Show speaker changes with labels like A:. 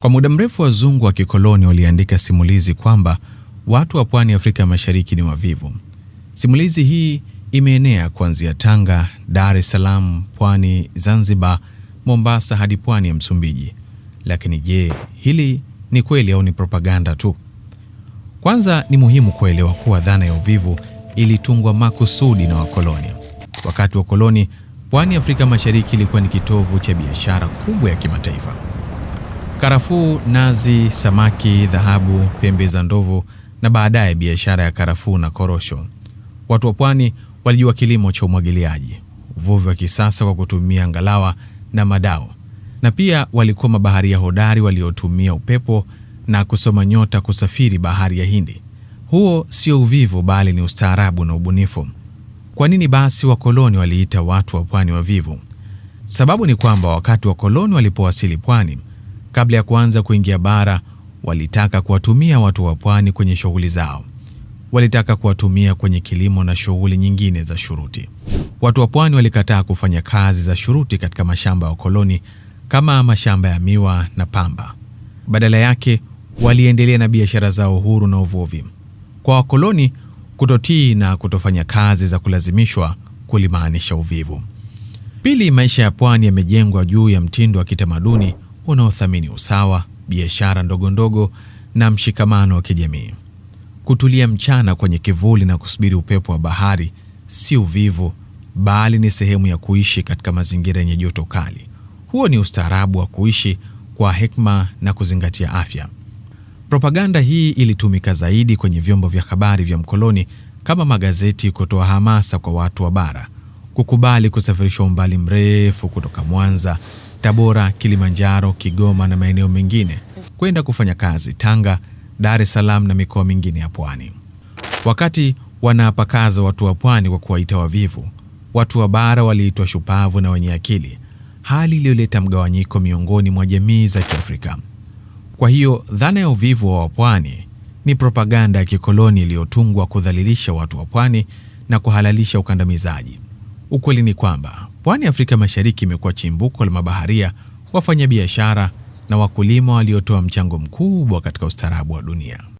A: Kwa muda mrefu wazungu wa kikoloni waliandika simulizi kwamba watu wa pwani ya Afrika Mashariki ni wavivu. Simulizi hii imeenea kuanzia Tanga, Dar es Salaam, Pwani, Zanzibar, Mombasa hadi pwani ya Msumbiji. Lakini je, hili ni kweli au ni propaganda tu? Kwanza ni muhimu kuelewa kuwa dhana ya uvivu ilitungwa makusudi na wakoloni. Wakati wa koloni pwani ya Afrika Mashariki ilikuwa ni kitovu cha biashara kubwa ya kimataifa. Karafuu, nazi, samaki, dhahabu, pembe za ndovu na baadaye biashara ya karafuu na korosho. Watu wa pwani walijua kilimo cha umwagiliaji, uvuvi wa kisasa kwa kutumia ngalawa na madao, na pia walikuwa mabaharia hodari waliotumia upepo na kusoma nyota kusafiri bahari ya Hindi. Huo sio uvivu, bali ni ustaarabu na ubunifu. Kwa nini basi wakoloni waliita watu wa pwani wavivu? Sababu ni kwamba wakati wakoloni walipowasili pwani kabla ya kuanza kuingia bara, walitaka kuwatumia watu wa pwani kwenye shughuli zao. Walitaka kuwatumia kwenye kilimo na shughuli nyingine za shuruti. Watu wa pwani walikataa kufanya kazi za shuruti katika mashamba ya wakoloni kama mashamba ya miwa na pamba. Badala yake, waliendelea na biashara zao huru na uvuvi. Kwa wakoloni, kutotii na kutofanya kazi za kulazimishwa kulimaanisha uvivu. Pili, maisha ya pwani yamejengwa juu ya mtindo wa kitamaduni unaothamini usawa, biashara ndogo ndogo na mshikamano wa kijamii. Kutulia mchana kwenye kivuli na kusubiri upepo wa bahari si uvivu, bali ni sehemu ya kuishi katika mazingira yenye joto kali. Huo ni ustaarabu wa kuishi kwa hekima na kuzingatia afya. Propaganda hii ilitumika zaidi kwenye vyombo vya habari vya mkoloni kama magazeti kutoa hamasa kwa watu wa bara, kukubali kusafirishwa umbali mrefu kutoka Mwanza, Tabora, Kilimanjaro, Kigoma na maeneo mengine kwenda kufanya kazi Tanga, Dar es Salaam na mikoa mingine ya Pwani. Wakati wanaapakaza watu wa Pwani kwa kuwaita wavivu, watu wa bara waliitwa shupavu na wenye akili, hali iliyoleta mgawanyiko miongoni mwa jamii za Kiafrika. Kwa hiyo dhana ya uvivu wa wapwani ni propaganda ya kikoloni iliyotungwa kudhalilisha watu wa pwani na kuhalalisha ukandamizaji. Ukweli ni kwamba pwani ya Afrika Mashariki imekuwa chimbuko la mabaharia, wafanyabiashara na wakulima waliotoa mchango mkubwa katika ustaarabu wa dunia.